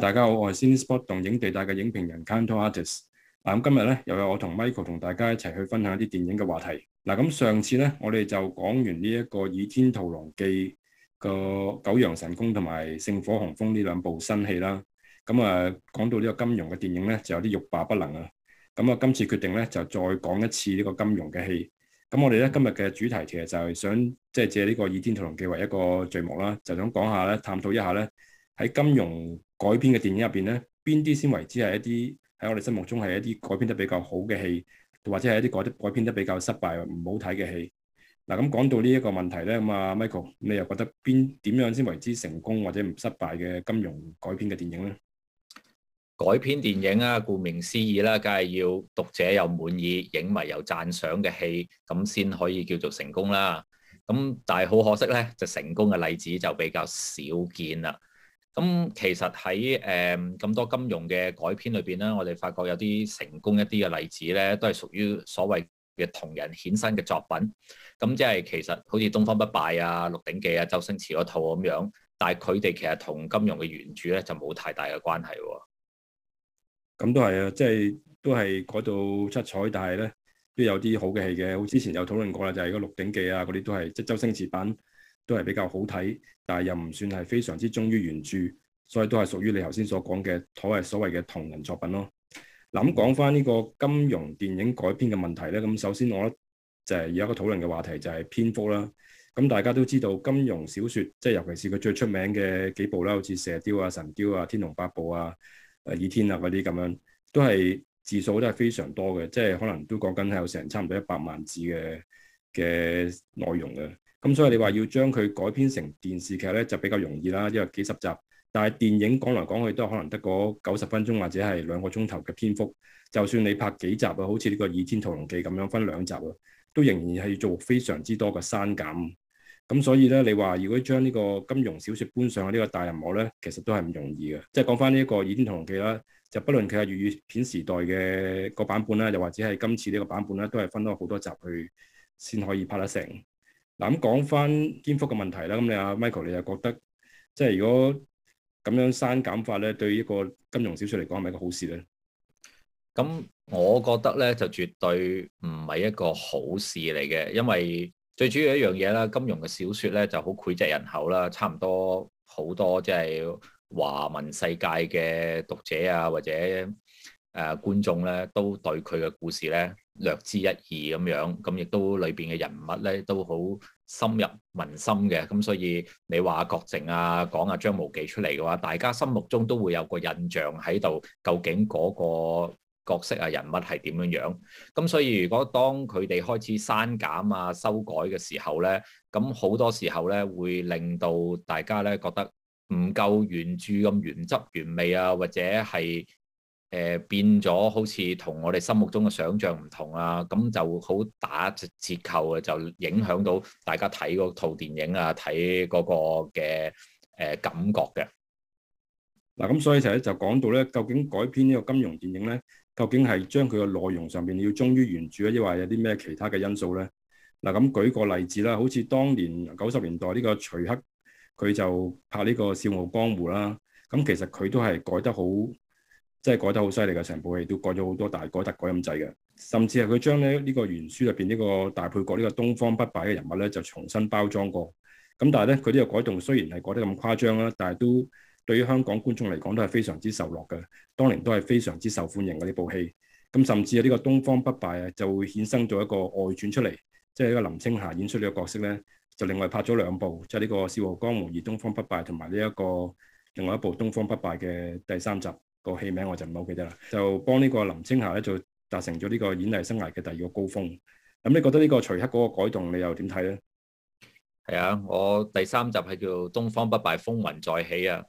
大家好，我係 Cinespot 動映地帶嘅影評人 Kantorates 嗱，咁今日咧又有我同 Michael 同大家一齊去分享一啲電影嘅話題。嗱、啊，咁上次咧我哋就講完呢、這、一個《倚天屠龍記》個九陽神功同埋聖火雄風呢兩部新戲啦。咁啊，講到呢個金庸嘅電影咧，就有啲欲罷不能啊。咁啊，今次決定咧就再講一次呢個金庸嘅戲。咁、啊、我哋咧今日嘅主題其實就係想即係借呢、這個《倚天屠龍記》為一個序幕啦，就想講下咧，探討一下咧喺金庸改編嘅電影入邊咧，邊啲先為之係一啲喺我哋心目中係一啲改編得比較好嘅戲，或者係一啲改得改編得比較失敗唔好睇嘅戲。嗱、啊，咁講到呢一個問題咧，咁啊 Michael，你又覺得邊點樣先為之成功或者唔失敗嘅金庸改編嘅電影咧？改編電影啊，顧名思義啦、啊，梗係要讀者又滿意，影迷又讚賞嘅戲，咁先可以叫做成功啦。咁但係好可惜咧，就成功嘅例子就比較少見啦。咁其實喺誒咁多金庸嘅改編裏邊咧，我哋發覺有啲成功一啲嘅例子咧，都係屬於所謂嘅同人衍生嘅作品。咁即係其實好似《東方不敗》啊，《鹿鼎記》啊，周星馳嗰套咁樣，但係佢哋其實同金庸嘅原著咧就冇太大嘅關係喎。咁都係啊，即係、就是、都係改到七彩，但係咧都有啲好嘅戲嘅。好之前有討論過啦，就係嗰《鹿鼎記》啊，嗰啲都係即係周星馳版。都係比較好睇，但係又唔算係非常之忠於原著，所以都係屬於你頭先所講嘅所謂所謂嘅同人作品咯。諗講翻呢個金庸電影改編嘅問題咧，咁首先我咧就係、是，有一個討論嘅話題就係篇幅啦。咁大家都知道金庸小説，即係尤其是佢最出名嘅幾部啦，好似射雕啊、神雕啊、天龍八部啊、倚天啊嗰啲咁樣，都係字數都係非常多嘅，即係可能都講緊係有成差唔多一百萬字嘅嘅內容嘅。咁所以你話要將佢改編成電視劇咧，就比較容易啦，因為幾十集。但係電影講來講去都可能得嗰九十分鐘或者係兩個鐘頭嘅篇幅。就算你拍幾集啊，好似呢個《倚天屠龍記》咁樣分兩集啊，都仍然係要做非常之多嘅刪減。咁所以咧，你話如果將呢個金庸小説搬上呢個大銀幕咧，其實都係唔容易嘅。即係講翻呢一個《倚天屠龍記》啦，就不論佢係粵語片時代嘅個版本啦，又或者係今次呢個版本啦，都係分咗好多集去先可以拍得成。嗱，咁講翻篇幅嘅問題啦，咁你阿、啊、Michael，你又覺得即係如果咁樣刪減法咧，對於一個金庸小說嚟講係咪一個好事咧？咁、嗯、我覺得咧就絕對唔係一個好事嚟嘅，因為最主要一樣嘢啦，金庸嘅小說咧就好膾炙人口啦，差唔多好多即係華文世界嘅讀者啊，或者。誒、呃、觀眾咧都對佢嘅故事咧略知一二咁樣，咁亦都裏邊嘅人物咧都好深入民心嘅，咁所以你話、啊、郭靖啊講阿張無忌出嚟嘅話，大家心目中都會有個印象喺度，究竟嗰個角色啊人物係點樣樣？咁所以如果當佢哋開始刪減啊修改嘅時候咧，咁好多時候咧會令到大家咧覺得唔夠原著咁原汁原味啊，或者係。誒、呃，變咗好似同我哋心目中嘅想象唔同啊，咁就好打折扣啊，就影響到大家睇嗰套電影啊，睇嗰個嘅誒、呃、感覺嘅。嗱、啊，咁所以就咧就講到咧，究竟改編呢個金庸電影咧，究竟係將佢嘅內容上邊要忠於原著咧、啊，抑或有啲咩其他嘅因素咧？嗱、啊，咁舉個例子啦，好似當年九十年代呢、這個徐克，佢就拍呢、這個《笑傲江湖》啦，咁、啊、其實佢都係改得好。真係改得好犀利㗎！成部戲都改咗好多，大改特改咁滯嘅，甚至係佢將咧呢個原書入邊呢個大配角呢個東方不敗嘅人物咧，就重新包裝過。咁但係咧，佢呢個改動雖然係改得咁誇張啦，但係都對於香港觀眾嚟講都係非常之受落嘅。當年都係非常之受歡迎嘅呢部戲。咁甚至係呢個東方不敗啊，就會衍生咗一個外傳出嚟，即係呢個林青霞演出呢個角色咧，就另外拍咗兩部，即係呢個《笑傲江湖》而《東方不敗》同埋呢一個另外一部《東方不敗》嘅第三集。個戲名我就唔係好記得啦，就幫呢個林青霞咧就達成咗呢個演藝生涯嘅第二個高峰。咁你覺得呢個徐克嗰個改動你又點睇呢？係啊，我第三集係叫《東方不敗風雲再起》啊。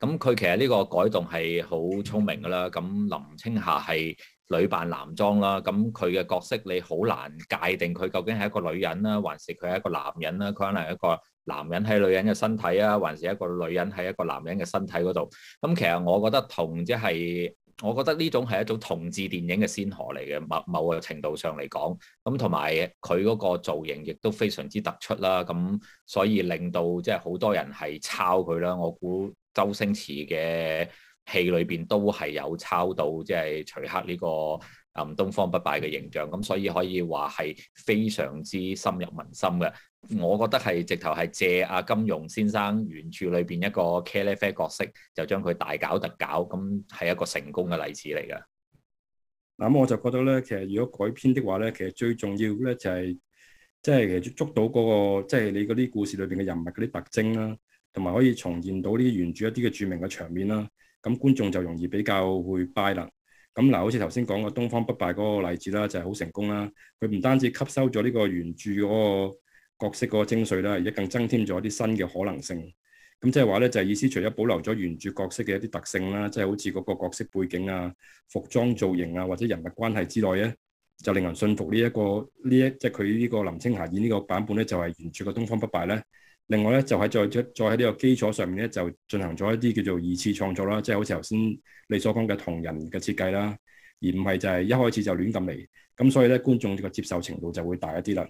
咁佢其實呢個改動係好聰明噶啦。咁林青霞係。女扮男裝啦，咁佢嘅角色你好難界定佢究竟係一個女人啦，還是佢係一個男人啦，佢可能係一個男人喺女人嘅身體啊？還是一個女人喺一個男人嘅身體嗰度。咁其實我覺得同即係，我覺得呢種係一種同志電影嘅先河嚟嘅，某某個程度上嚟講。咁同埋佢嗰個造型亦都非常之突出啦，咁所以令到即係好多人係抄佢啦。我估周星馳嘅。戲裏邊都係有抄到，即係徐克呢個嗯東方不敗嘅形象，咁所以可以話係非常之深入民心嘅。我覺得係直頭係借阿金庸先生原著裏邊一個茄哩啡角色，就將佢大搞特搞，咁係一個成功嘅例子嚟嘅。咁我就覺得咧，其實如果改編的話咧，其實最重要咧就係即係其實捉到嗰個，即係你嗰啲故事裏邊嘅人物嗰啲特徵啦，同埋可以重現到呢原著一啲嘅著名嘅場面啦。咁觀眾就容易比較會 buy 啦。咁嗱，好似頭先講個《東方不敗》嗰個例子啦，就係、是、好成功啦。佢唔單止吸收咗呢個原著嗰個角色嗰個精髓啦，而且更增添咗啲新嘅可能性。咁即係話咧，就係、是、意思，除咗保留咗原著角色嘅一啲特性啦，即、就、係、是、好似嗰個角色背景啊、服裝造型啊或者人物關係之外咧，就令人信服呢一個呢一即係佢呢個林青霞演呢個版本咧，就係原著嘅《東方不敗》咧。另外咧，就喺再再喺呢個基礎上面咧，就進行咗一啲叫做二次創作啦，即係好似頭先你所講嘅同人嘅設計啦，而唔係就係一開始就亂咁嚟。咁所以咧，觀眾個接受程度就會大一啲啦。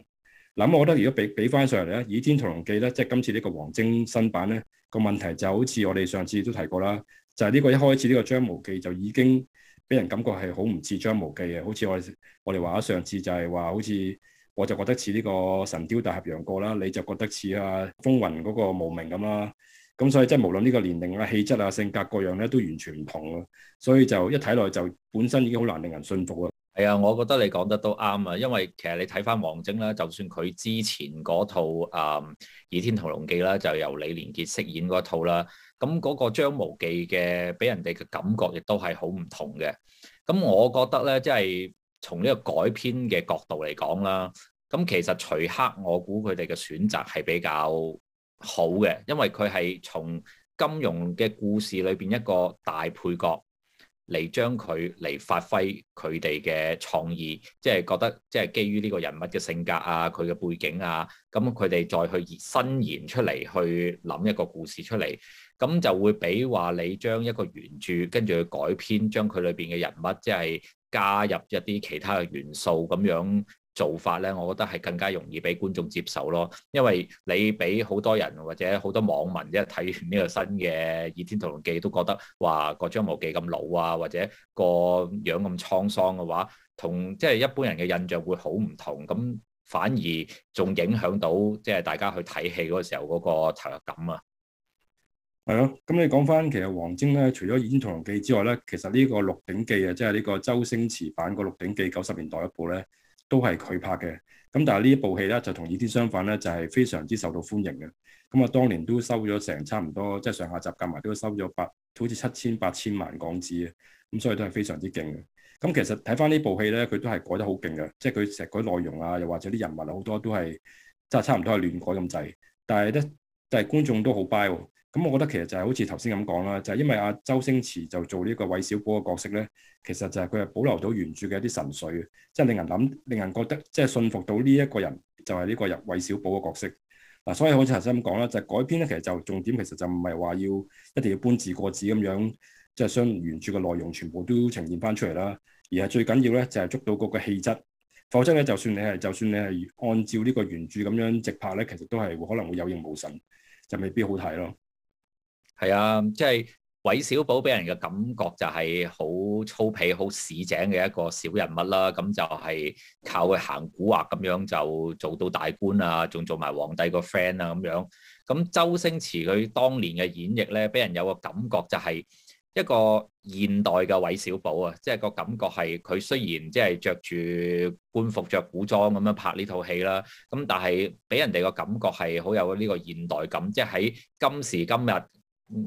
嗱、啊，我覺得如果比比翻上嚟咧，《倚天屠龍記》咧，即係今次呢個王晶新版咧，個問題就好似我哋上次都提過啦，就係、係、呢個一開始呢個張無忌就已經俾人感覺係好唔似張無忌嘅，好似我我哋話上次就係話好似。我就覺得似呢個神雕大俠楊過啦，你就覺得似啊風雲嗰個無名咁啦，咁所以即係無論呢個年齡啊、氣質啊、性格各樣咧，都完全唔同囉，所以就一睇落去就本身已經好難令人信服啊。係啊，我覺得你講得都啱啊，因為其實你睇翻王晶啦，就算佢之前嗰套啊《倚天屠龍記》啦，就由李連杰飾演嗰套啦，咁嗰個張無忌嘅俾人哋嘅感覺亦都係好唔同嘅。咁我覺得咧，即係。從呢個改編嘅角度嚟講啦，咁其實徐克我估佢哋嘅選擇係比較好嘅，因為佢係從金庸嘅故事裏邊一個大配角嚟將佢嚟發揮佢哋嘅創意，即係覺得即係基於呢個人物嘅性格啊，佢嘅背景啊，咁佢哋再去伸延出嚟去諗一個故事出嚟，咁就會俾話你將一個原著跟住去改編，將佢裏邊嘅人物即係。加入一啲其他嘅元素咁樣做法咧，我覺得係更加容易俾觀眾接受咯。因為你俾好多人或者好多網民一睇完呢個新嘅《倚天屠龍記》，都覺得話個張無忌咁老啊，或者個樣咁滄桑嘅話，同即係一般人嘅印象會好唔同，咁反而仲影響到即係、就是、大家去睇戲嗰個時候嗰個投入感啊。係咯，咁、嗯、你講翻，其實王晶咧，除咗演《倚天屠龍記》之外咧，其實呢個《鹿鼎記》啊，即係呢個周星馳版個《鹿鼎記》，九十年代一部咧，都係佢拍嘅。咁但係呢一部戲咧，就同以前相反咧，就係、是、非常之受到歡迎嘅。咁啊，當年都收咗成差唔多，即係上下集夾埋都收咗八，好似七千八千萬港紙啊。咁、嗯、所以都係非常之勁嘅。咁其實睇翻呢部戲咧，佢都係改得好勁嘅，即係佢成個內容啊，又或者啲人物好、啊、多都係即係差唔多係亂改咁滯。但係咧，但係觀眾都好 buy、哦。咁、嗯、我覺得其實就係好似頭先咁講啦，就係、是、因為阿、啊、周星馳就做呢個韋小寶嘅角色咧，其實就係佢係保留到原著嘅一啲神髓，即係令人諗、令人覺得即係信服到呢一個人就係呢個入韋小寶嘅角色。嗱、啊，所以好似頭先咁講啦，就是、改編咧，其實就重點其實就唔係話要一定要搬字過紙咁樣，即係將原著嘅內容全部都呈現翻出嚟啦。而係最緊要咧就係、是、捉到個嘅氣質，否則咧就算你係就算你係按照呢個原著咁樣直拍咧，其實都係可能會有形無神，就未必好睇咯。係啊，即係韋小寶俾人嘅感覺就係好粗鄙、好市井嘅一個小人物啦。咁就係靠佢行古惑咁樣就做到大官啊，仲做埋皇帝個 friend 啊咁樣。咁周星馳佢當年嘅演繹咧，俾人有個感覺就係一個現代嘅韋小寶啊，即係個感覺係佢雖然即係着住官服、着古裝咁樣拍呢套戲啦，咁但係俾人哋個感覺係好有呢個現代感，即係喺今時今日。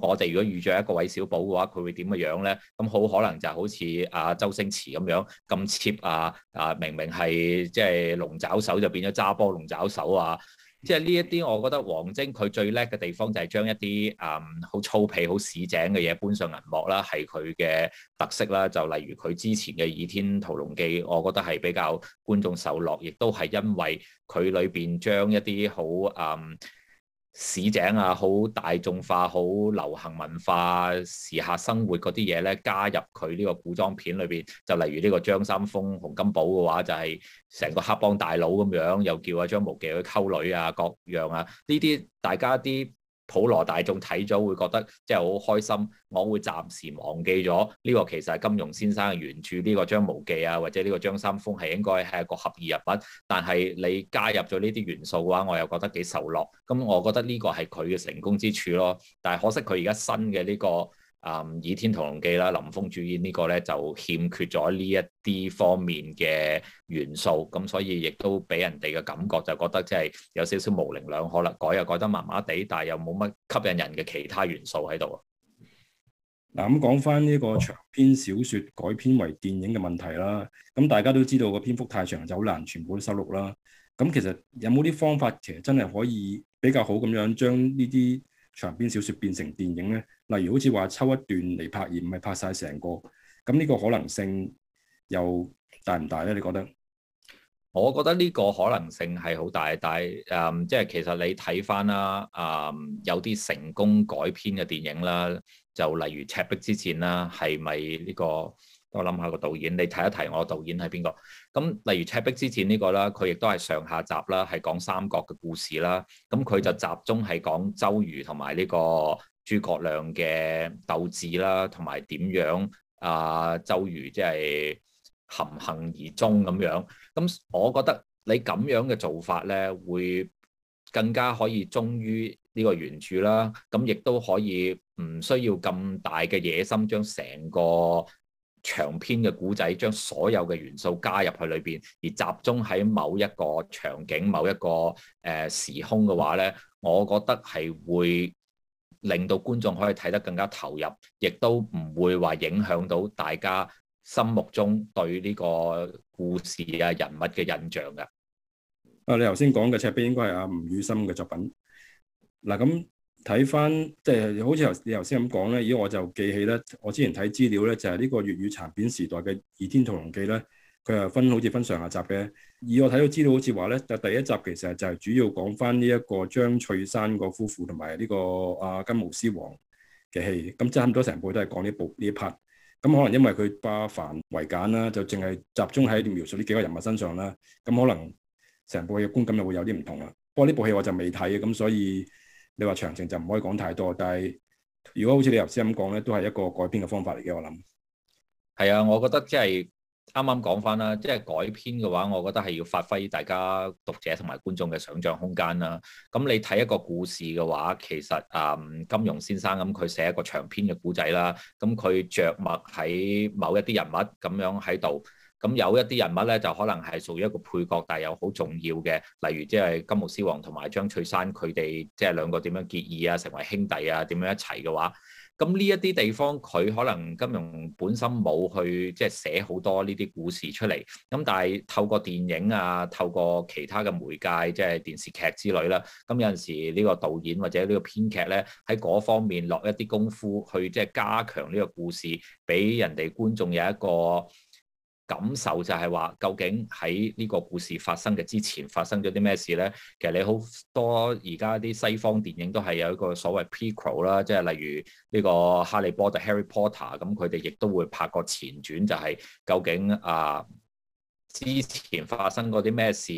我哋如果遇着一個韋小寶嘅話，佢會點嘅樣咧？咁好可能就好似阿周星馳咁樣咁 cheap 啊！啊，明明係即係龍爪手，就變咗揸波龍爪手啊！即係呢一啲，我覺得王晶佢最叻嘅地方就係將一啲啊好粗鄙、好市井嘅嘢搬上銀幕啦，係佢嘅特色啦。就例如佢之前嘅《倚天屠龍記》，我覺得係比較觀眾受落，亦都係因為佢裏邊將一啲好啊，嗯市井啊，好大眾化，好流行文化，時下生活嗰啲嘢咧，加入佢呢個古裝片裏邊，就例如呢個張三豐、洪金寶嘅話，就係、是、成個黑幫大佬咁樣，又叫阿張無忌去溝女啊，各樣啊，呢啲大家啲。普羅大眾睇咗會覺得即係好開心，我會暫時忘記咗呢個其實係金庸先生嘅原著呢個張無忌啊，或者呢個張三豐係應該係一個合二為一，但係你加入咗呢啲元素嘅話，我又覺得幾受落，咁我覺得呢個係佢嘅成功之處咯。但係可惜佢而家新嘅呢個。啊！倚、嗯、天屠龍記啦，林峰主演個呢個咧就欠缺咗呢一啲方面嘅元素，咁所以亦都俾人哋嘅感覺就覺得即係有少少模稜兩可啦，改又改得麻麻地，但係又冇乜吸引人嘅其他元素喺度。嗱、嗯，咁講翻呢個長篇小說改編為電影嘅問題啦，咁大家都知道個篇幅太長就好難全部都收錄啦。咁其實有冇啲方法其實真係可以比較好咁樣將呢啲長篇小說變成電影咧？例如好似話抽一段嚟拍而唔係拍晒成個，咁呢個可能性又大唔大呢？你覺得？我覺得呢個可能性係好大，但係誒、嗯，即係其實你睇翻啦，誒、嗯，有啲成功改編嘅電影啦，就例如《赤壁之戰》啦，係咪呢個？我諗下個導演，你睇一睇我導演係邊個？咁例如《赤壁之戰》呢、這個啦，佢亦都係上下集啦，係講三國嘅故事啦，咁佢就集中係講周瑜同埋呢個。諸葛亮嘅鬥智啦，同埋點樣啊？周瑜即係含恨而終咁樣。咁我覺得你咁樣嘅做法呢，會更加可以忠於呢個原著啦。咁亦都可以唔需要咁大嘅野心，將成個長篇嘅故仔，將所有嘅元素加入去裏邊，而集中喺某一個場景、某一個誒時空嘅話呢，我覺得係會。令到觀眾可以睇得更加投入，亦都唔會話影響到大家心目中對呢個故事啊人物嘅印象嘅。啊啊。啊，你頭先講嘅赤壁應該係阿吳宇森嘅作品。嗱，咁睇翻即係好似由你頭先咁講咧，如果我就記起咧，我之前睇資料咧就係、係、呢個粵語殘片時代嘅《倚天屠龍記》咧。佢係分好似分上下集嘅，以我睇到知道好似話咧，就第一集其實就係主要講翻呢一個張翠山個夫婦同埋呢個啊金毛獅王嘅戲，咁、嗯、差唔多成部都係講呢部呢一 part。咁、嗯、可能因為佢化繁為簡啦，就淨係集中喺描述呢幾個人物身上啦。咁、嗯、可能成部嘅觀感又會有啲唔同啦。不過呢部戲我就未睇咁，所以你話詳情就唔可以講太多。但係如果好似你頭先咁講咧，都係一個改編嘅方法嚟嘅，我諗。係啊，我覺得即係。啱啱講翻啦，即係改編嘅話，我覺得係要發揮大家讀者同埋觀眾嘅想像空間啦。咁你睇一個故事嘅話，其實誒、嗯、金庸先生咁佢寫一個長篇嘅故仔啦，咁佢着墨喺某一啲人物咁樣喺度，咁有一啲人物咧就可能係屬於一個配角，但係又好重要嘅，例如即係金毛獅王同埋張翠山佢哋即係兩個點樣結義啊，成為兄弟啊，點樣一齊嘅話。咁呢一啲地方佢可能金庸本身冇去即係寫好多呢啲故事出嚟，咁但係透過電影啊，透過其他嘅媒介，即係電視劇之類啦，咁有陣時呢個導演或者呢個編劇咧喺嗰方面落一啲功夫，去即係加強呢個故事，俾人哋觀眾有一個感受就係話，究竟喺呢個故事發生嘅之前發生咗啲咩事呢？其實你好多而家啲西方電影都係有一個所謂 prequel 啦，即係例如呢個哈利波，哈利波，哈利波特 Harry Potter，咁佢哋亦都會拍個前傳，就係究竟啊之前發生過啲咩事，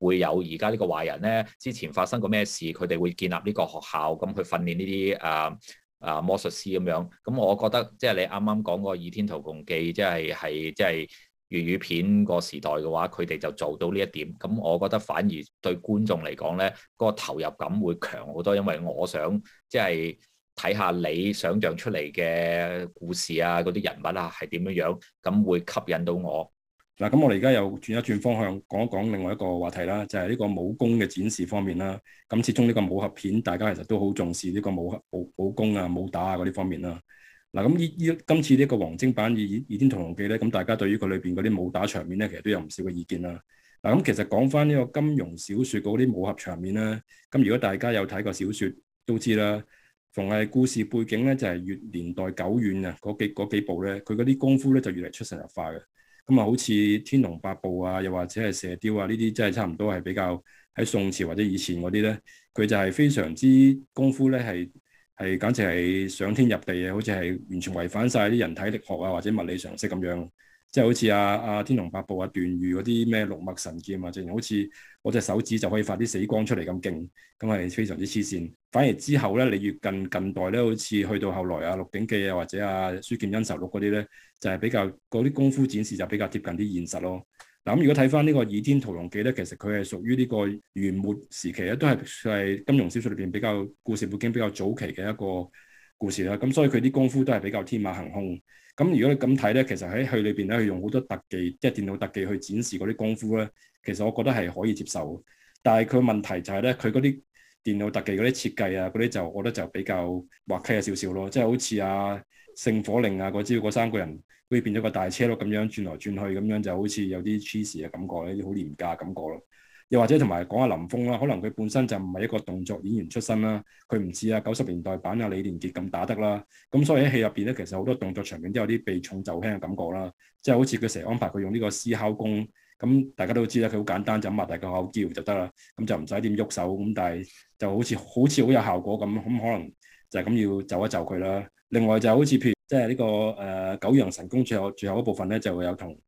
會有而家呢個壞人呢？之前發生過咩事？佢哋會建立呢個學校，咁去訓練呢啲啊啊魔術師咁樣。咁我覺得即係、即係、你啱啱講嗰倚天屠龍記》即係，即係係即係。即係粵語片個時代嘅話，佢哋就做到呢一點。咁我覺得反而對觀眾嚟講呢個投入感會強好多。因為我想即係睇下你想象出嚟嘅故事啊，嗰啲人物啊係點樣樣，咁會吸引到我。嗱，咁我哋而家又轉一轉方向，講一講另外一個話題啦，就係呢個武功嘅展示方面啦。咁，始終呢個武俠片，大家其實都好重視呢個武俠武武功啊、武打啊嗰啲方面啦。嗱，咁依依今次呢一個王晶版《倚倚天屠龍記》咧，咁大家對於佢裏邊嗰啲武打場面咧，其實都有唔少嘅意見啦。嗱，咁其實講翻呢個金庸小説嗰啲武俠場面啦。咁如果大家有睇過小説都知啦，逢係故事背景咧就係、是、越年代久遠啊，嗰幾部咧，佢嗰啲功夫咧就越嚟出神入化嘅。咁啊，好似《天龍八部》啊，又或者係《射雕》啊，呢啲即係差唔多係比較喺宋朝或者以前嗰啲咧，佢就係非常之功夫咧係。係簡直係上天入地啊！好似係完全違反晒啲人體力學啊，或者物理常識咁樣，即係好似阿阿天龍八部啊、段譽嗰啲咩六脈神劍啊，正如好似我隻手指就可以發啲死光出嚟咁勁，咁係非常之黐線。反而之後咧，你越近近代咧，好似去到後來啊，《鹿鼎記》啊，或者啊《書劍恩仇錄》嗰啲咧，就係、是、比較嗰啲功夫展示就比較貼近啲現實咯。咁如果睇翻呢個《倚天屠龍記》咧，其實佢係屬於呢個元末時期咧，都係係金庸小說裏邊比較故事背景比較早期嘅一個故事啦。咁所以佢啲功夫都係比較天馬行空。咁如果你咁睇咧，其實喺佢裏邊咧，佢用好多特技，即係電腦特技去展示嗰啲功夫咧，其實我覺得係可以接受。但係佢問題就係咧，佢嗰啲電腦特技嗰啲設計啊，嗰啲就我覺得就比較滑稽少少咯，即係好似啊～聖火令啊，嗰招嗰三個人好似變咗個大車碌咁樣轉來轉去，咁樣就好似有啲 cheese 嘅感覺，有啲好廉價嘅感覺咯。又或者同埋講下林峯啦，可能佢本身就唔係一個動作演員出身啦，佢唔似啊九十年代版啊李連杰咁打得啦。咁所以喺戲入邊咧，其實好多動作場面都有啲避重就輕嘅感覺啦。即係好似佢成日安排佢用呢個獅吼功，咁大家都知啦，佢好簡單，就擘大個口叫就得啦。咁就唔使點喐手，咁但係就好似好似好有效果咁，咁可能就咁要就一就佢啦。另外就好似譬如即係呢個誒、呃、九陽神功最後最後一部分咧，就會有同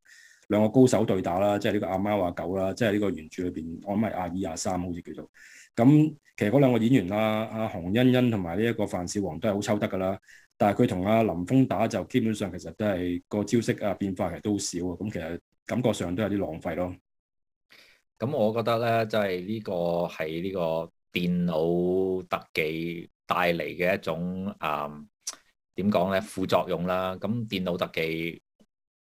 兩個高手對打啦，即係呢個阿貓阿狗啦，即係呢個原著裏邊我諗係阿二阿三好似叫做。咁其實嗰兩個演員啦，阿、啊、熊欣欣同埋呢一個樊少皇都係好抽得噶啦，但係佢同阿林峰打就基本上其實都係，那個招式啊變化其實都少啊，咁其實感覺上都有啲浪費咯。咁我覺得咧，即係呢個係呢、這個、個電腦特技帶嚟嘅一種啊。嗯點講呢？副作用啦，咁電腦特技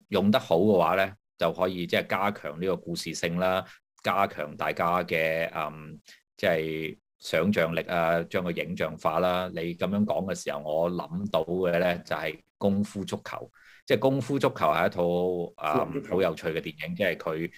用得好嘅話呢，就可以即係加強呢個故事性啦，加強大家嘅嗯，即係想像力啊，將個影像化啦。你咁樣講嘅時候，我諗到嘅呢就係功夫足球，即係功夫足球係一套啊好有趣嘅電影，即係佢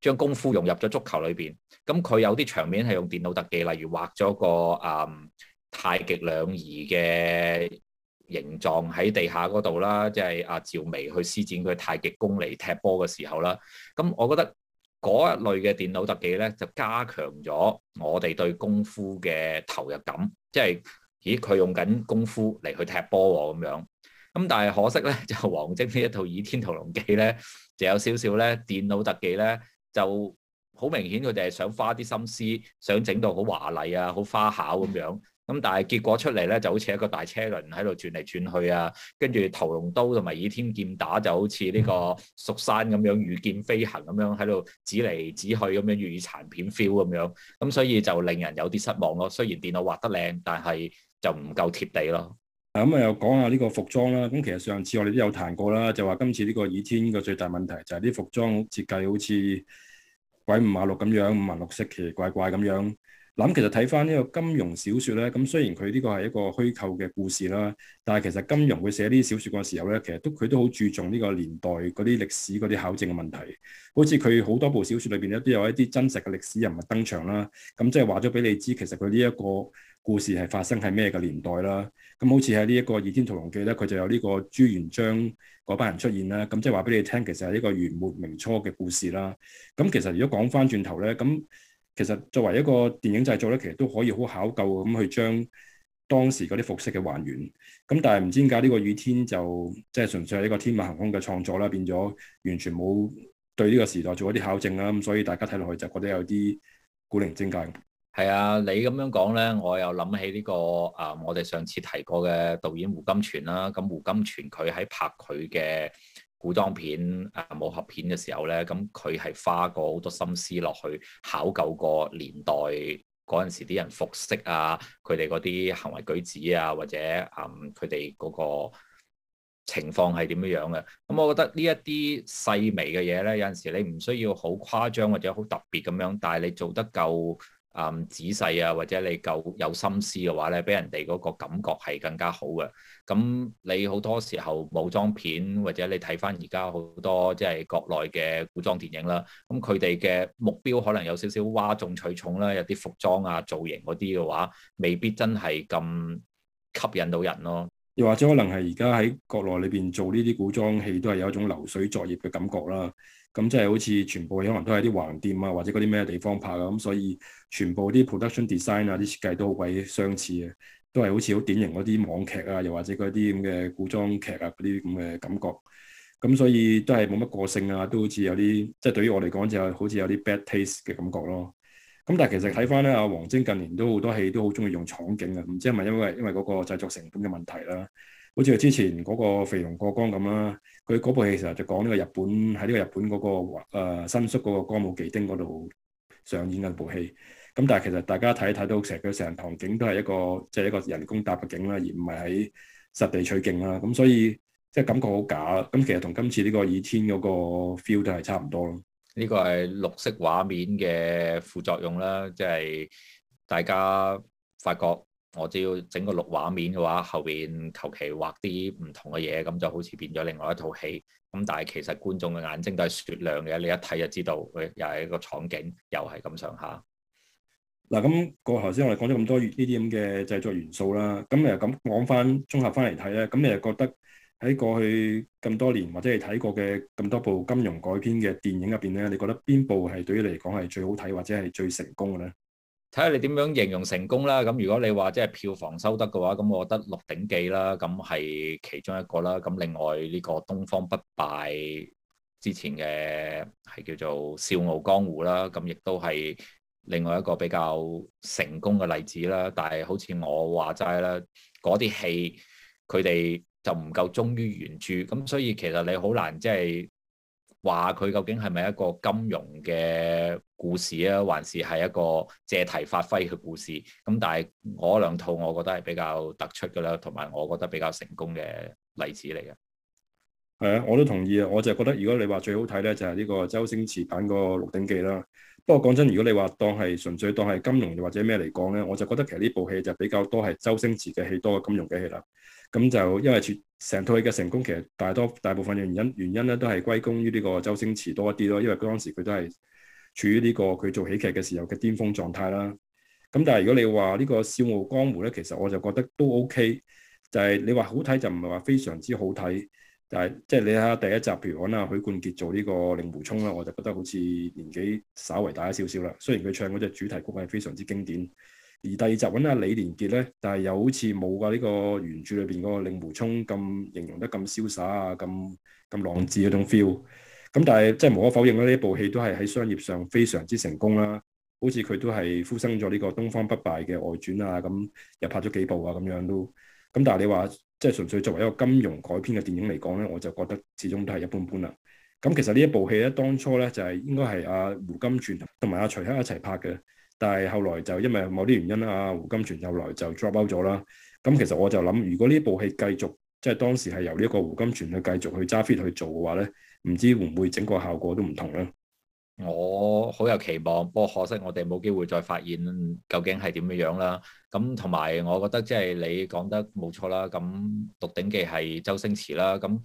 將功夫融入咗足球裏邊。咁，嗯，佢有啲場面係用電腦特技，例如畫咗個啊，嗯，太極兩儀嘅。形狀喺地下嗰度啦，即係阿趙薇去施展佢太極功嚟踢波嘅時候啦。咁我覺得嗰一類嘅電腦特技咧，就加強咗我哋對功夫嘅投入感，即係咦佢用緊功夫嚟去踢波喎咁樣。咁但係可惜咧，就王晶呢一套《倚天屠龍記》咧，就有少少咧電腦特技咧，就好明顯佢哋係想花啲心思，想整到好華麗啊，好花巧咁樣。咁但係結果出嚟咧，就好似一個大車輪喺度轉嚟轉去啊，跟住屠龍刀同埋倚天劍打就好似呢個蜀山咁樣御劍飛行咁樣，喺度指嚟指去咁樣，如意殘片 feel 咁樣，咁所以就令人有啲失望咯。雖然電腦畫得靚，但係就唔夠貼地咯。咁啊、嗯、又講下呢個服裝啦。咁其實上次我哋都有談過啦，就話今次呢個倚天嘅最大問題就係啲服裝設計好似鬼五馬六咁樣，五顏六色，奇奇怪怪咁樣。諗其實睇翻呢個金庸小説咧，咁雖然佢呢個係一個虛構嘅故事啦，但係其實金庸佢寫呢啲小説嘅時候咧，其實都佢都好注重呢個年代嗰啲歷史嗰啲考證嘅問題。好似佢好多部小説裏邊咧都有一啲真實嘅歷史人物登場啦。咁即係話咗俾你知，其實佢呢一個故事係發生喺咩嘅年代啦。咁好似喺呢一個《倚天屠龍記》咧，佢就有呢個朱元璋嗰班人出現啦。咁即係話俾你聽，其實係呢個元末明初嘅故事啦。咁其實如果講翻轉頭咧，咁其實作為一個電影製作咧，其實，都可以好考究咁去將當時嗰啲服飾嘅還原。咁但係唔知點解呢個雨天就即係純粹係一個天馬行空嘅創作啦，變咗完全冇對呢個時代做一啲考證啦。咁所以大家睇落去就覺得有啲古靈精怪。係啊，你咁樣講咧，我又諗起呢個啊，我哋上次提過嘅導演胡金銓啦。咁胡金銓佢喺拍佢嘅。古裝片、誒武俠片嘅時候咧，咁佢係花過好多心思落去考究個年代嗰陣時啲人服飾啊，佢哋嗰啲行為舉止啊，或者誒佢哋嗰個情況係點樣樣嘅。咁、嗯、我覺得呢一啲細微嘅嘢咧，有陣時你唔需要好誇張或者好特別咁樣，但係你做得夠。嗯，仔細啊，或者你夠有心思嘅話咧，俾人哋嗰個感覺係更加好嘅。咁你好多時候武裝片或者你睇翻而家好多即係國內嘅古裝電影啦，咁佢哋嘅目標可能有少少嘩眾取寵啦，有啲服裝啊、造型嗰啲嘅話，未必真係咁吸引到人咯。又或者可能係而家喺國內裏邊做呢啲古裝戲，都係有一種流水作業嘅感覺啦。咁即係好似全部可能都係啲橫店啊，或者嗰啲咩地方拍啊。咁所以全部啲 production design 啊，啲設計都好鬼相似啊，都係好似好典型嗰啲網劇啊，又或者嗰啲咁嘅古裝劇啊嗰啲咁嘅感覺。咁所以都係冇乜個性啊，都好似有啲即係對於我嚟講就係好似有啲 bad taste 嘅感覺咯。咁但係其實睇翻咧，阿王晶近年都好多戲都好中意用廠景啊，唔知係咪因為因為嗰個製作成本嘅問題啦、啊。好似之前嗰、那個《肥龍過江》咁啦，佢嗰部戲其實就講呢個日本喺呢個日本嗰、那個、呃、新宿嗰個歌舞伎町嗰度上演緊部戲。咁但係其實大家睇睇到成佢成堂景都係一個即係、就是、一個人工搭嘅景啦，而唔係喺實地取景啦。咁所以即係、就是、感覺好假。咁其實同今次呢個,個《倚天》嗰個 feel 都係差唔多咯。呢個係綠色畫面嘅副作用啦，即、就、係、是、大家發覺。我只要整個綠畫面嘅話，後邊求其畫啲唔同嘅嘢，咁就好似變咗另外一套戲。咁但係其實觀眾嘅眼睛都係雪亮嘅，你一睇就知道，佢又係一個場景，又係咁上下。嗱，咁過頭先我哋講咗咁多呢啲咁嘅製作元素啦，咁誒咁講翻綜合翻嚟睇咧，咁你又覺得喺過去咁多年或者係睇過嘅咁多部金庸改編嘅電影入邊咧，你覺得邊部係對於你嚟講係最好睇或者係最成功嘅咧？睇下你點樣形容成功啦，咁如果你話即係票房收得嘅話，咁我覺得《鹿鼎記》啦，咁係其中一個啦，咁另外呢個《東方不敗》之前嘅係叫做《笑傲江湖》啦，咁亦都係另外一個比較成功嘅例子啦。但係好似我話齋啦，嗰啲戲佢哋就唔夠忠於原著，咁所以其實你好難即係。就是話佢究竟係咪一個金庸嘅故事啊，還是係一個借題發揮嘅故事？咁但係嗰兩套，我覺得係比較突出嘅啦，同埋我覺得比較成功嘅例子嚟嘅。係啊，我都同意啊！我就覺得如果你話最好睇咧，就係呢個周星馳版個《鹿鼎記》啦。不過講真，如果你話當係純粹當係金庸又或者咩嚟講呢，我就覺得其實呢部戲就比較多係周星馳嘅戲多嘅金庸嘅戲啦。咁就因為全成套戲嘅成功，其實大多大部分嘅原因原因咧都係歸功於呢個周星馳多一啲咯。因為當時佢都係處於呢個佢做喜劇嘅時候嘅巔峰狀態啦。咁但係如果你話呢個笑傲江湖呢，其實我就覺得都 OK。就係你話好睇就唔係話非常之好睇。但係即係你睇下第一集，譬如揾阿許冠傑做呢個令狐沖啦，我就覺得好似年紀稍為大咗少少啦。雖然佢唱嗰隻主題曲係非常之經典，而第二集揾阿李連杰咧，但係又好似冇個呢個原著裏邊個令狐沖咁形容得咁瀟灑啊，咁咁浪摯嗰種 feel。咁但係即係無可否認啦，呢一部戲都係喺商業上非常之成功啦。好似佢都係孵生咗呢個《東方不敗》嘅外傳啊，咁又拍咗幾部啊，咁樣都。咁但係你話即係純粹作為一個金庸改編嘅電影嚟講咧，我就覺得始終都係一般般啦。咁其實呢一部戲咧，當初咧就係應該係阿胡金銓同埋阿徐克一齊拍嘅，但係後來就因為某啲原因啦，阿胡金銓後來就 drop out 咗啦。咁其實我就諗，如果呢一部戲繼續即係、就是、當時係由呢一個胡金銓去繼續去揸 fit 去做嘅話咧，唔知會唔會整個效果都唔同咧？我好有期望，不過可惜我哋冇機會再發現究竟係點樣啦。咁同埋我覺得即係你講得冇錯啦。咁《鹿鼎記》係周星馳啦。咁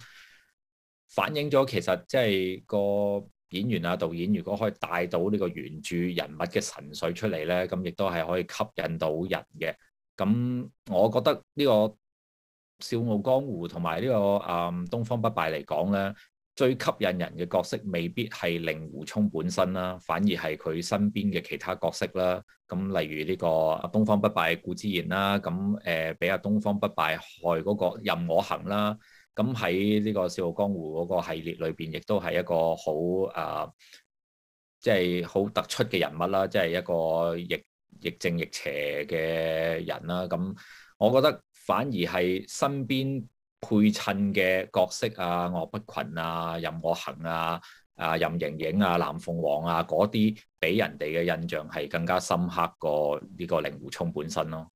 反映咗其實即係個演員啊、導演如果可以帶到呢個原著人物嘅神髓出嚟咧，咁亦都係可以吸引到人嘅。咁我覺得呢個《笑傲江湖》、這個同埋呢個誒《東方不敗》呢嚟講咧。最吸引人嘅角色未必係令狐沖本身啦，反而係佢身邊嘅其他角色啦。咁例如呢個東方不敗固之然啦，咁誒俾阿東方不敗害嗰個任我行啦。咁喺呢個笑傲江湖嗰個系列裏邊亦都係一個好誒即係好突出嘅人物啦，即係一個亦亦正亦邪嘅人啦。咁我覺得反而係身邊配襯嘅角色啊，岳不群啊，任我行啊，啊任盈盈啊，藍鳳凰啊，嗰啲俾人哋嘅印象係更加深刻過呢個令狐沖本身咯。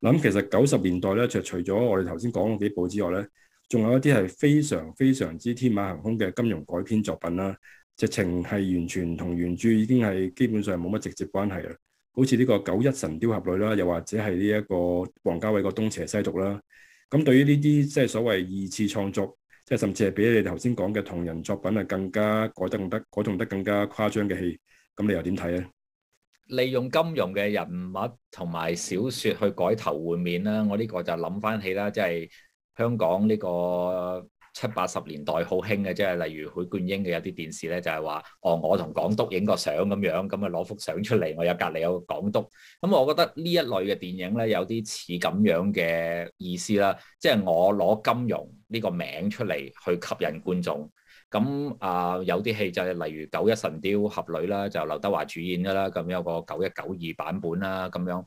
咁其實九十年代咧，就除咗我哋頭先講嗰幾部之外咧，仲有一啲係非常非常之天馬行空嘅金庸改編作品啦，直情係完全同原著已經係基本上冇乜直接關係啦。好似呢個《九一神雕俠侶》啦，又或者係呢一個王家衛個《東邪西毒》啦。咁對於呢啲即係所謂二次創作，即係甚至係比你頭先講嘅同人作品啊更加改得唔得改得更加誇張嘅戲，咁你又點睇咧？利用金庸嘅人物同埋小説去改頭換面啦，我呢個就諗翻起啦，即係香港呢個。七八十年代好興嘅，即係例如許冠英嘅有啲電視咧，就係話，哦，我同港督影個相咁樣，咁啊攞幅相出嚟，我有隔離有個港督，咁我覺得呢一類嘅電影咧，有啲似咁樣嘅意思啦，即係我攞金庸呢個名出嚟去吸引觀眾，咁啊，呃，有啲戲就係例如《九一神雕俠侶》啦，就劉德華主演㗎啦，咁有個《九一九二》版本啦，咁樣。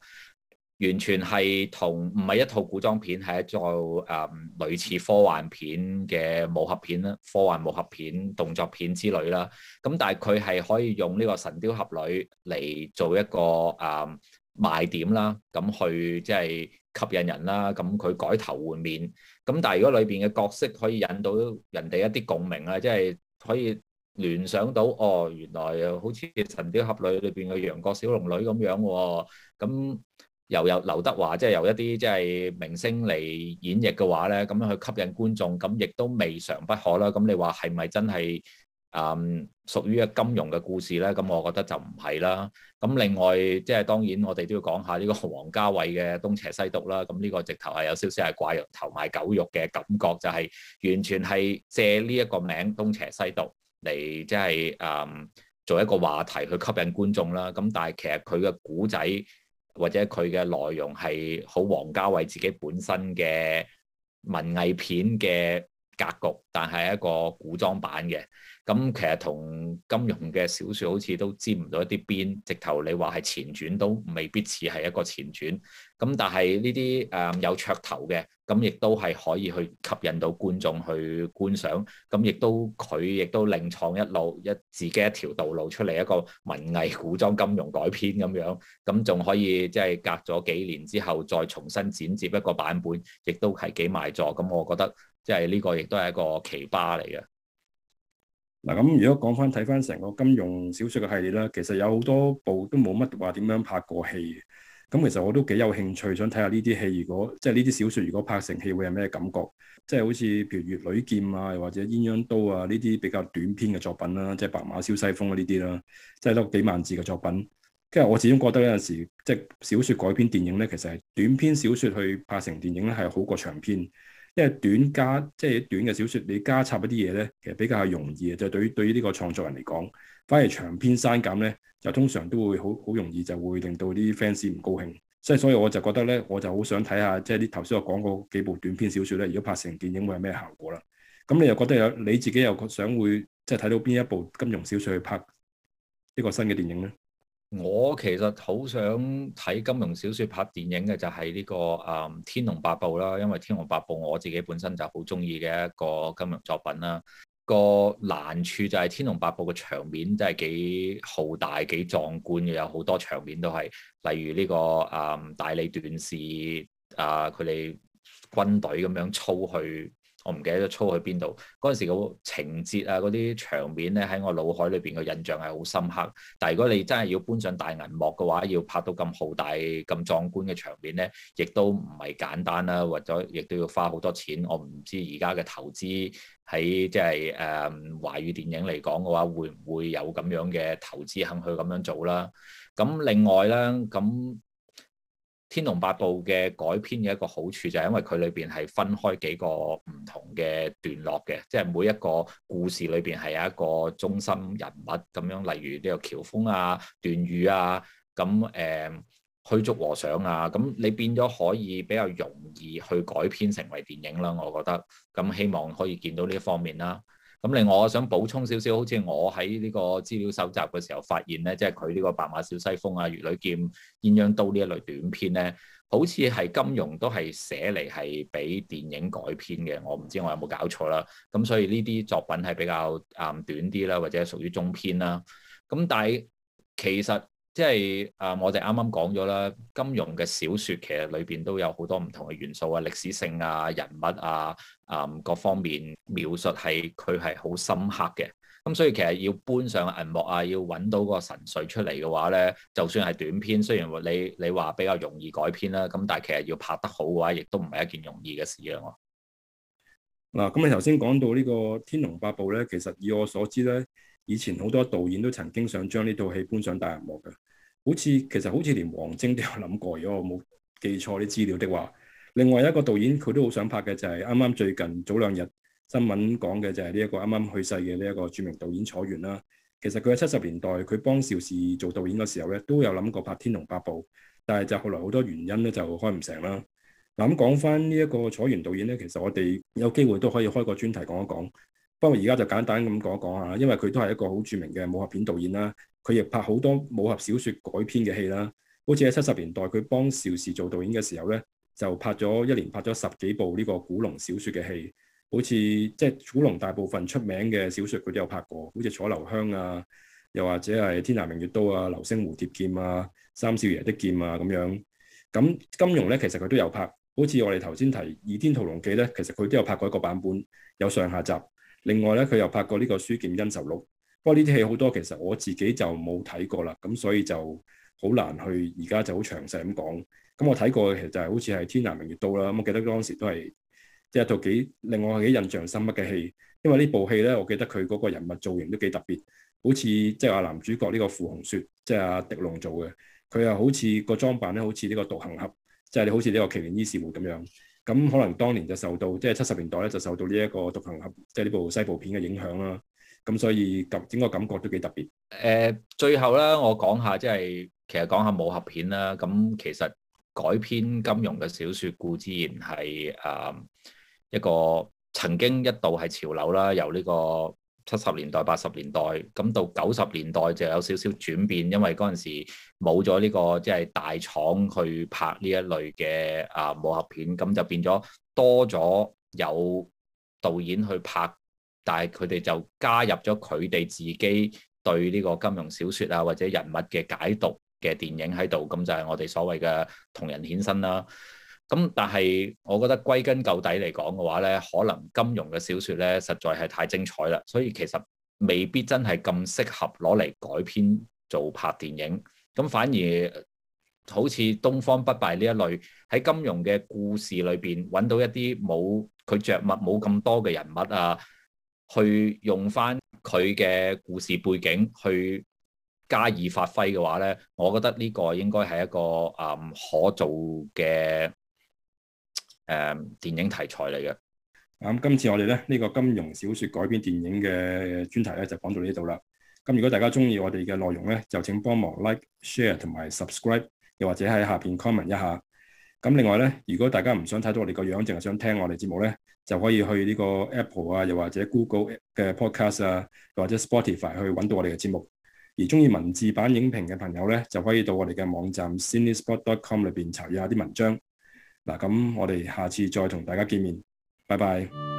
完全係同唔係一套古裝片，係一種誒類似科幻片嘅武俠片啦，科幻武俠片、動作片之類啦。咁但係佢係可以用呢個《神雕俠侶》嚟做一個誒賣點啦，咁去即係吸引人啦。咁佢改頭換面，咁但係如果裏邊嘅角色可以引到人哋一啲共鳴啊，即係可以聯想到哦，原來好似《神雕俠侶》裏邊嘅楊過小龍女咁樣喎，咁。又有劉德華即係、就是、由一啲即係明星嚟演繹嘅話咧，咁樣去吸引觀眾，咁亦都未嘗不可啦。咁你話係咪真係誒、嗯、屬於一金庸嘅故事咧？咁我覺得就唔係啦。咁另外即係、就是、當然我哋都要講下呢個王家衞嘅、就是《東邪西毒》啦、就是。咁呢個直頭係有少少係掛羊頭賣狗肉嘅感覺，就係完全係借呢一個名《東邪西毒》嚟即係誒做一個話題去吸引觀眾啦。咁但係其實佢嘅古仔，或者佢嘅內容係好王家衞自己本身嘅文藝片嘅格局，但係一個古裝版嘅，咁、嗯、其實同金庸嘅小説好似都沾唔到一啲邊，直頭你話係前傳都未必似係一個前傳，咁、嗯、但係呢啲誒有噱頭嘅。咁亦都係可以去吸引到觀眾去觀賞，咁亦都佢亦都另創一路一自己一條道路出嚟，一個文藝古裝金庸改編咁樣，咁仲可以即係隔咗幾年之後再重新剪接一個版本，亦都係幾賣座。咁我覺得即係呢個亦都係一個奇葩嚟嘅。嗱，咁如果講翻睇翻成個金庸小説嘅系列啦，其實有好多部都冇乜話點樣拍過戲。咁其實我都幾有興趣，想睇下呢啲戲，如果即係呢啲小説，如果拍成戲會有咩感覺？即係好似譬如《越女劍》啊，又或者《鴛鴦刀》啊，呢啲比較短篇嘅作品啦，啊，即係《白馬嘯西風啊》啊呢啲啦，即係都幾萬字嘅作品。因為我始終覺得有陣時，即係小説改編電影咧，其實係短篇小説去拍成電影咧，係好過長篇，因為短加即係短嘅小説，你加插一啲嘢咧，其實比較容易嘅，就對於對於呢個創作人嚟講，反而長篇刪減咧。就通常都會好好容易就會令到啲 fans 唔高興，即係所以我就覺得咧，我就好想睇下，即係啲頭先我講過幾部短篇小説咧，如果拍成電影會係咩效果啦？咁你又覺得有你自己又想會即係睇到邊一部金庸小説去拍呢個新嘅電影咧？我其實好想睇金庸小説拍電影嘅就係呢、這個誒、嗯《天龍八部》啦，因為《天龍八部》我自己本身就好中意嘅一個金庸作品啦。個難處就係《天龍八部》嘅場面真係幾浩大、幾壯觀嘅，有好多場面都係，例如呢、這個誒、呃、大理段氏啊，佢、呃、哋軍隊咁樣操去。我唔記得咗操去邊度，嗰陣時個情節啊，嗰啲場面咧喺我腦海裏邊嘅印象係好深刻。但係如果你真係要搬上大銀幕嘅話，要拍到咁浩大、咁壯觀嘅場面咧，亦都唔係簡單啦、啊，或者亦都要花好多錢。我唔知而家嘅投資喺即係誒華語電影嚟講嘅話，會唔會有咁樣嘅投資肯去咁樣做啦？咁另外咧，咁。《天龍八部》嘅改編嘅一個好處就係因為佢裏邊係分開幾個唔同嘅段落嘅，即係每一個故事裏邊係有一個中心人物咁樣，例如呢個喬峯啊、段譽啊，咁誒、呃、虛竹和尚啊，咁你變咗可以比較容易去改編成為電影啦，我覺得，咁希望可以見到呢一方面啦。咁另外我想補充少少，好似我喺呢個資料蒐集嘅時候發現咧，即係佢呢個《白馬小西風白馬嘯西風》啊、《越女劍》、《鴛鴦刀》呢一類短篇咧，好似係金庸都係寫嚟係俾電影改編嘅，我唔知我有冇搞錯啦。咁所以呢啲作品係比較啊短啲啦，或者屬於中篇啦。咁但係其實，即係誒、嗯，我哋啱啱講咗啦，金庸嘅小説其實裏邊都有好多唔同嘅元素啊，歷史性啊、人物啊，誒、嗯、各方面描述係佢係好深刻嘅。咁、嗯、所以其實要搬上銀幕啊，要揾到個神髓出嚟嘅話咧，就算係短篇，雖然你你話比較容易改編啦，咁但係其實要拍得好嘅話，亦都唔係一件容易嘅事的啊。嗱，咁你頭先講到呢個《天龍八部》咧，其實以我所知咧。以前好多導演都曾經想將呢套戲搬上大銀幕嘅，好似其實好似連王晶都有諗過，如果我冇記錯啲資料的話。另外一個導演佢都好想拍嘅，就係啱啱最近早兩日新聞講嘅，就係呢一個啱啱去世嘅呢一個著名導演楚原啦。其實佢喺七十年代佢幫邵氏做導演嘅時候咧，都有諗過拍《天龍八部》，但係就後來好多原因咧就開唔成啦。嗱，咁講翻呢一個楚原導演咧，其實我哋有機會都可以開個專題講一講。不過而家就簡單咁講一講下，因為佢都係一個好著名嘅武俠片導演啦。佢亦拍好多武俠小說改編嘅戲啦。好似喺七十年代，佢幫邵氏做導演嘅時候咧，就拍咗一年，拍咗十幾部呢個古龍小說嘅戲。好似即係古龍大部分出名嘅小說，佢都有拍過。好似楚留香啊，又或者係《天涯明月刀》啊，《流星蝴蝶劍》啊，《三少爺的劍》啊咁樣。咁金庸咧，其實佢都有拍。好似我哋頭先提《倚天屠龍記》咧，其實佢都有拍過一個版本，有上下集。另外咧，佢又拍過呢個《書劍恩仇錄》，不過呢啲戲好多其實我自己就冇睇過啦，咁所以就好難去而家就好詳細咁講。咁我睇過嘅其實就係好似係《天涯明月刀》啦，咁我記得當時都係即係一套幾令我幾印象深刻嘅戲，因為呢部戲咧，我記得佢嗰個人物造型都幾特別，好似即係阿男主角呢個傅紅雪，即係阿狄龍做嘅，佢又好似個裝扮咧，就係、好似呢個獨行俠，即係你好似呢個奇情醫事簿咁樣。咁可能當年就受到，即係七十年代咧就受到呢一個獨行俠，即係呢部西部片嘅影響啦。咁所以咁整個感覺都幾特別。誒、呃，最後咧，我講下即係、就是、其實講下武俠片啦。咁其實改編金庸嘅小説，故之然係誒、呃、一個曾經一度係潮流啦。由呢、這個七十年代、八十年代，咁到九十年代就有少少轉變，因為嗰陣時冇咗呢個即係、就是、大廠去拍呢一類嘅啊武俠片，咁就變咗多咗有導演去拍，但係佢哋就加入咗佢哋自己對呢個金庸小說啊或者人物嘅解讀嘅電影喺度，咁就係我哋所謂嘅同人衍生啦。咁但係，我覺得歸根究底嚟講嘅話咧，可能金庸嘅小説咧，實在係太精彩啦，所以其實未必真係咁適合攞嚟改編做拍電影。咁反而好似《東方不敗》呢一類喺金庸嘅故事裏邊揾到一啲冇佢着墨冇咁多嘅人物啊，去用翻佢嘅故事背景去加以發揮嘅話咧，我覺得呢個應該係一個誒、嗯、可做嘅。誒，um, 電影題材嚟嘅。咁今次我哋咧呢、這個金庸小說改編電影嘅專題咧，就講到呢度啦。咁如果大家中意我哋嘅內容咧，就請幫忙 like、share 同埋 subscribe，又或者喺下邊 comment 一下。咁另外咧，如果大家唔想睇到我哋個樣，淨係想聽我哋節目咧，就可以去呢個 Apple 啊，又或者 Google 嘅 Podcast 啊，又或者 Spotify 去揾到我哋嘅節目。而中意文字版影評嘅朋友咧，就可以到我哋嘅網站 Cinespot.com 裏邊查閱下啲文章。嗱，咁我哋下次再同大家見面，拜拜。